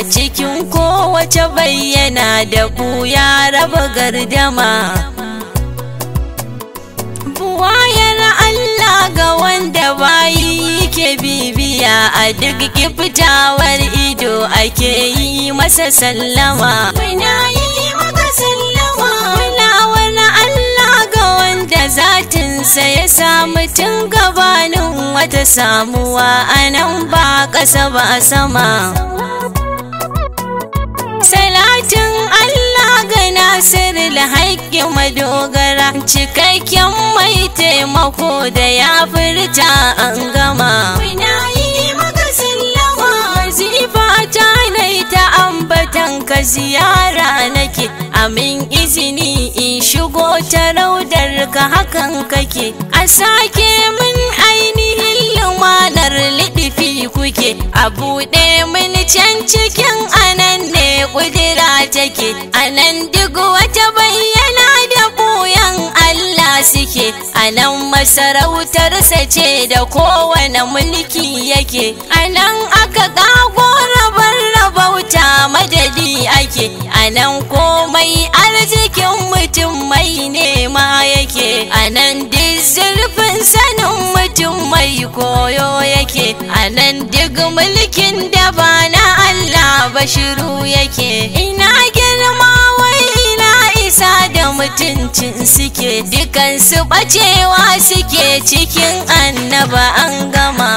a cikin kowace bayyana da ya raba gardama buwayar Allah ga wanda bayi ke bibiya a duk kiftawar ido ake yi masa sallama muna yi Allah ga wanda zatinsa ya samu tun gabanin wata samuwa a nan ba ƙasa ba sama nasir da haƙƙin madogara cikakken mai taimako da ya furta an gama Zifa ta ambatan ka ziyara nake amin izini in shigo ta raudar ka hakan kake a sake min ainihin lumanar liɗifi kuke a buɗe min can cikin anan ne ƙudira take anan duk sarautarsa ce da kowane mulki yake anan aka ƙago rabar rabauta madadi ake anan komai arzikin mutum mai nema yake anan nan duk zurfin sanin mutum mai koyo yake anan nan duk mulkin da ba na Allah bashiru yake hukuncin suke su ɓacewa suke cikin annaba an gama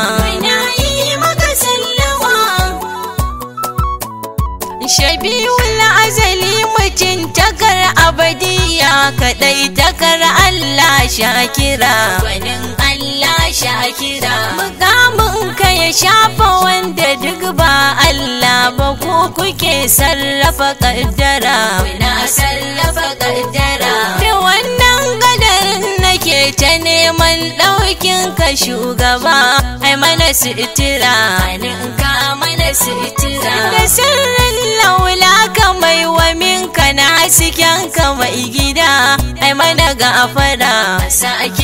shabiul azali takar abadiya kadai takar Allah shakira gwanin Allah shakira mukamin ka ya shafa wanda duk ba Allah ba ko kuke sarrafa ƙaddara. kuna sarrafa ƙaddara. neman ɗaukin ka shugaba ai mana sitira ka mana sitira da sirrin laula ka mai wa minka na hasken ka mai gida ai mana ga afada sake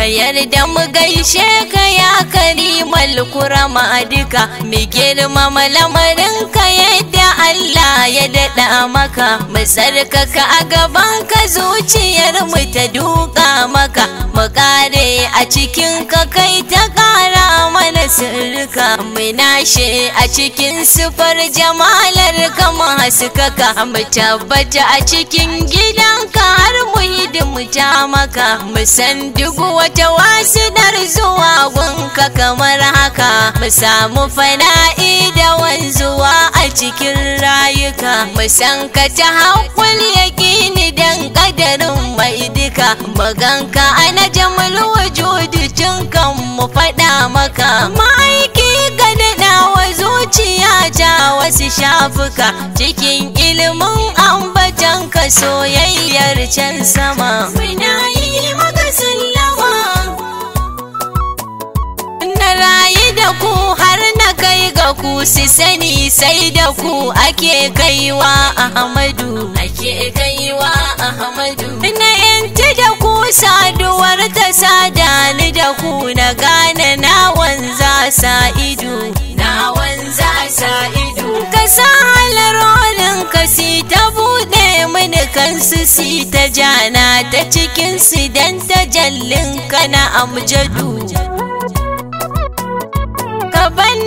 ka yarda mu gaishe ka ya karimal kurama duka mu girmama lamarin ka yadda Allah ya daɗa maka mu tsarkaka a gaban ka zuciyar mu ta duka maka mu kare a cikin ka kai ta kara mana sirrika mu nashe a cikin sufar jamalar ka mu haskaka mu tabbata a cikin gidan ka har mu da mu ja maka mu san duk wata wasinar zuwa gunka kamar haka mu samu fana'i da wanzuwa a cikin rayuka mu san ka ta hankul yaƙini dan ƙadarin mai duka maganka a na jamal wajudu tun kan mu faɗa maka ma'aiki ka daɗawa zuciya ta wasu shafuka cikin ilimin an yanka soyayyar can sama muna yi maka sallama na rayu da ku har na kai ga ku si sani sai da ku ake kaiwa ahmadu ake kaiwa ahmadu na yanci da ku saduwar ta sada ni da ku na gane na wanza sa ido kansu si ta jana ta cikinsu don jallin kana amjadu kaban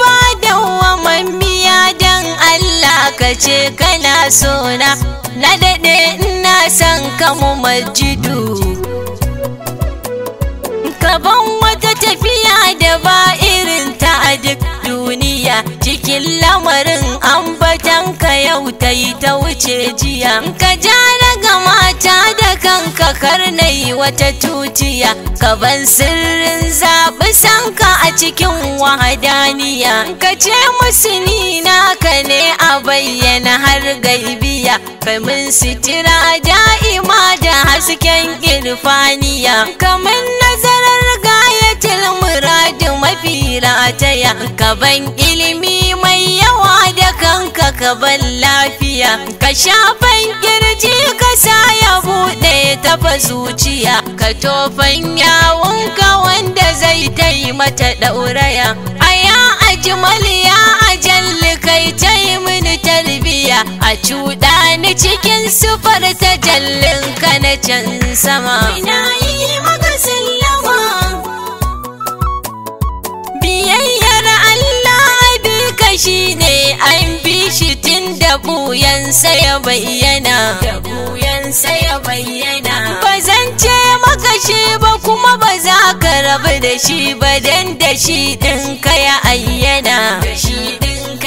ba da wamammiya don Allah ka ce kana sona na daɗe ina son kamu majidu kaban wata tafiya da ba irin ta a duk duniya cikin lamarin ambatanka yau ta yi ta wuce jiya ka ja daga mata da kanka karnai wata tuciya. ka ban sirrin zaɓi sanka a cikin wahadaniya ka ce musu nina naka ne a bayyana har gaibiya kai mun sitira da'ima da hasken irfaniya kamar nazarar gayatar muradu mafi rataya ka ban ilimi ka ban lafiya ka shafan kirji ka sa ya buɗe tafa zuciya ka tofan yawunka wanda zai tai mata ɗauraya a ya ajmal ya ajal kai tai mini tarbiya a cuɗa ni cikin sufar ta jallin ka na can sama ina yi biyayyar Allah abin shine I'm da buyan ya bayyana da buyansa ya bayyana ba zan ce maka shi ba kuma ba za ka rabu da shi ba dan da shi din ka ya ayyana da shi din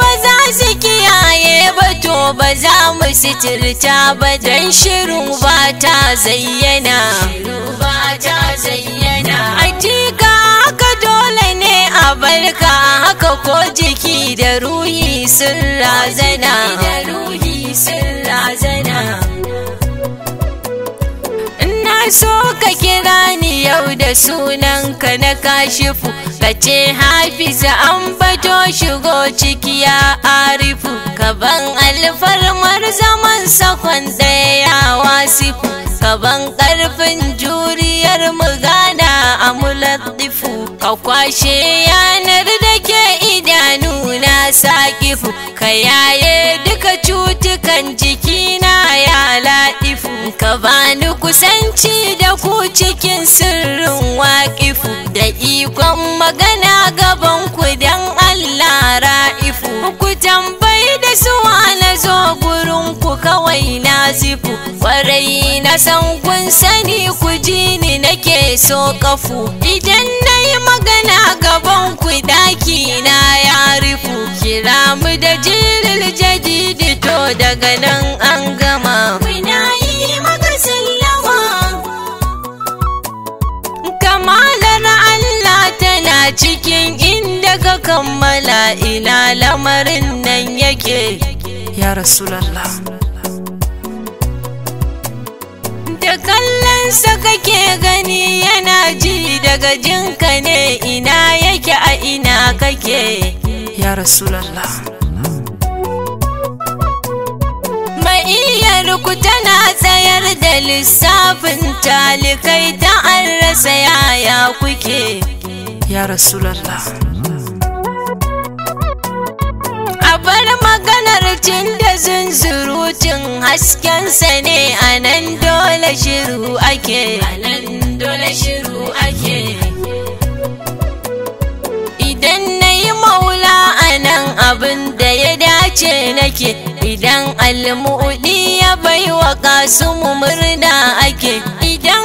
ba za su kiyaye ba to ba za mu sitirta ba dan shiru ba ta zayyana shiru ba zayyana a a barka haka ko jiki da ruhi sun razana ina so kake yau da sunan ka na kashifu ka ce hafiza an bato shigo ciki ya arifu kaban alfarmar zaman sakon daya ya wasifu kaban ƙarfin juriyar mugana a mulattifu ka kwashe yanar da ke idanu na sakifu ka yaye duka cutukan jikina ya laɗifu ka bani kusanci da kuci waƙifu da ikon magana gaban ku dan Allah ra'ifu ku tambayi da su na zo gurin ku kawai na zifu kwarai na san kun sani ku ji ni nake so kafu idan na magana gaban ku daki na ya rufu kira mu da jirin jadidi to daga nan an gama a cikin inda ka kammala ina lamarin nan yake ya rasulallah da kallonsa kake gani yana ji daga jinka ne ina yake a ina kake ya rasulallah ku tana tsayar da lissafin talikai ta an rasa yaya kuke ya rasulallah a bar maganar cin da zunzurutun haskensa ne a nan dole shiru ake idan na yi maula a nan abin da ya dace nake idan almu'udi ya baiwa kasumu murna ake idan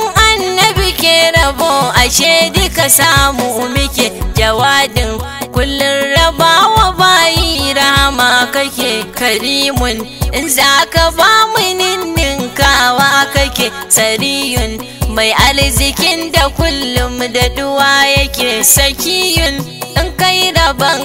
rabo ashe duka samu muke jawadin kullum rabawa bayi rama kake karimun in za ka ba mu ninninkawa kake sariyun mai arzikin da kullum da duwa yake sakiyun in kai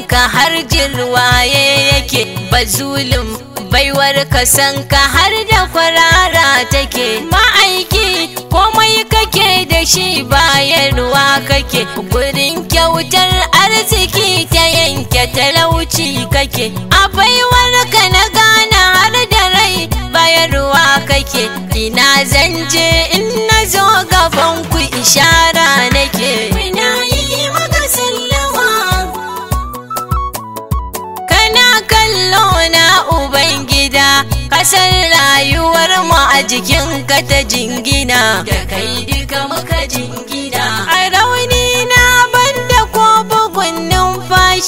ka. har jirwaye yake bazulum baiwar ka san ka har da kwarara take ma'aiki komai kake shi bayarwa kake gurin kyautar arziki ta yanke talauci kake a baiwar ka na gane har da rai bayarwa kake ina zan je in na zo gaban ku ishara nake kana kallo na ubangida kasar rayuwar mu a ka ta jingina da kai duka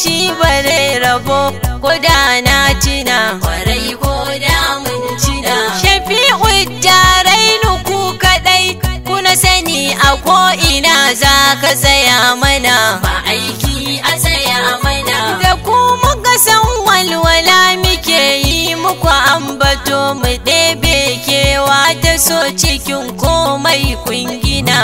shi bare rabo ko da na cina kwarai da mun cina shafi'u jarainu ku kadai kuna sani a ko'ina ina za ka saya mana ba aiki a saya mana da ku muka san walwala muke yi muku ambato mu ɗebe kewa ta so cikin komai kungina.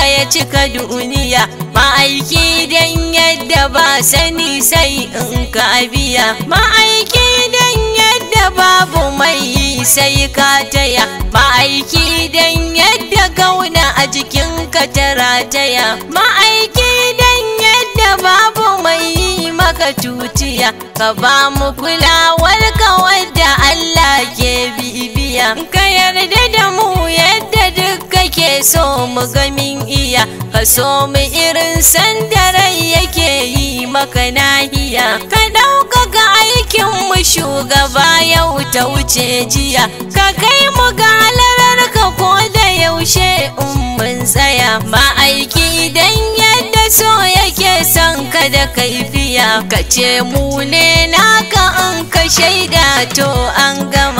ka ya cika duniya ma'aiki dan yadda ba sani sai in ka biya ma'aiki dan yadda babu mai sai ka taya ma'aiki dan yadda gauna a jikin ka tara taya ma'aiki dan yadda babu mai maka tutiya ka ba mu kulawar ka wadda Allah ke bibiya ka yarda da mu yadda da. so mu gamin iya ka so mu irin rai yake yi maka nahiya ka dauka ga aikin mu shugaba yau ta wuce jiya ka kai mu galarar ka ko da yaushe in mun tsaya ma'aiki idan yadda so yake son ka da kaifiya ka ce mu ne naka an ka shaida to an gama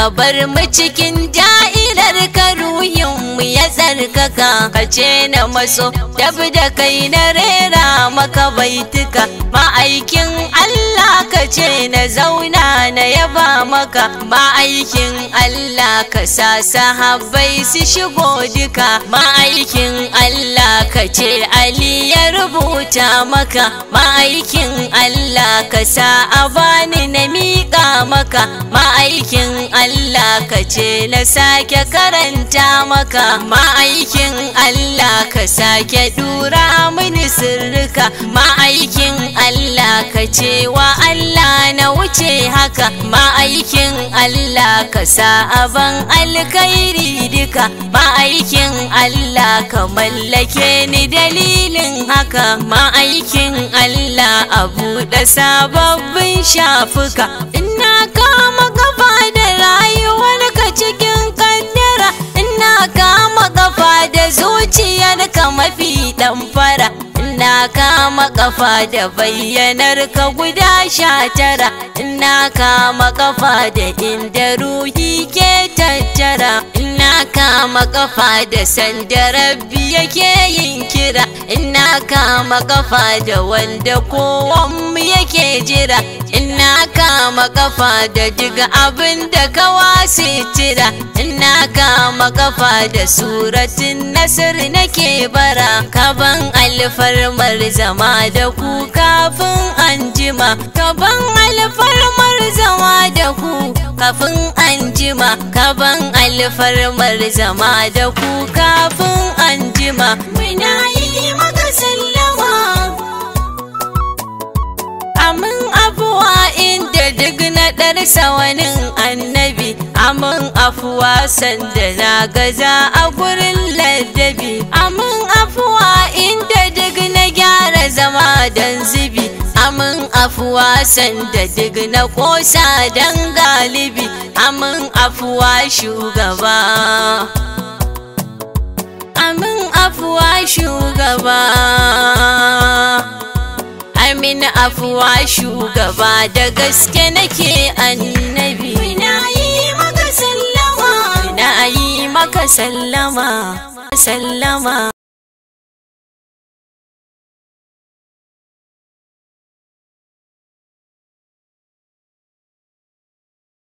ka bar mu cikin ja'ilar ka ruhin mu ya tsarkaka ka ce na maso dab da kai na rera maka baituka ma'aikin Allah ka ce na zauna na yaba maka ma'aikin Allah ka sa sahabbai su shigo duka ma'aikin Allah ka ce Ali ya rubuta maka ma'aikin Allah ka sa a na miƙa maka maka ma'aikin Allah ka ce na sake karanta maka ma'aikin Allah ka sake dura mini sirrika ma'aikin Allah ka ce wa Allah na wuce haka ma'aikin Allah ka sa aban alkhairi duka ma'aikin Allah ka mallake ni dalilin haka ma'aikin Allah a buɗe sababbin shafuka kama kafa da rayuwar ka cikin kaddara ina kama ƙafa da zuciyar ka mafi damfara ina kama ƙafa da bayyanar ka guda sha tara ina kama ƙafa da inda ruhi ke tattara ina kama ƙafa da sanda rabbi yake yin kira ina kama kafa da wanda kowan yake jira ina kama kafa da duk abinda ka wasi tira ina kama kafa da suratin nasir nake bara kaban alfarmar zama da ku kafin an jima kaban alfarmar zama da ku kafin an jima kaban alfarmar zama da ku kafin an jima muna bisa wani annabi amin afuwa sanda na gaza a gurin ladabi amin afuwa inda duk na gyara zama don zubi amin afuwa sanda duk na kosa don galibi amin afuwa shugaba amin afuwa shugaba mini afuwa shugaba da gaske nake annabi na yi maka sallama sallama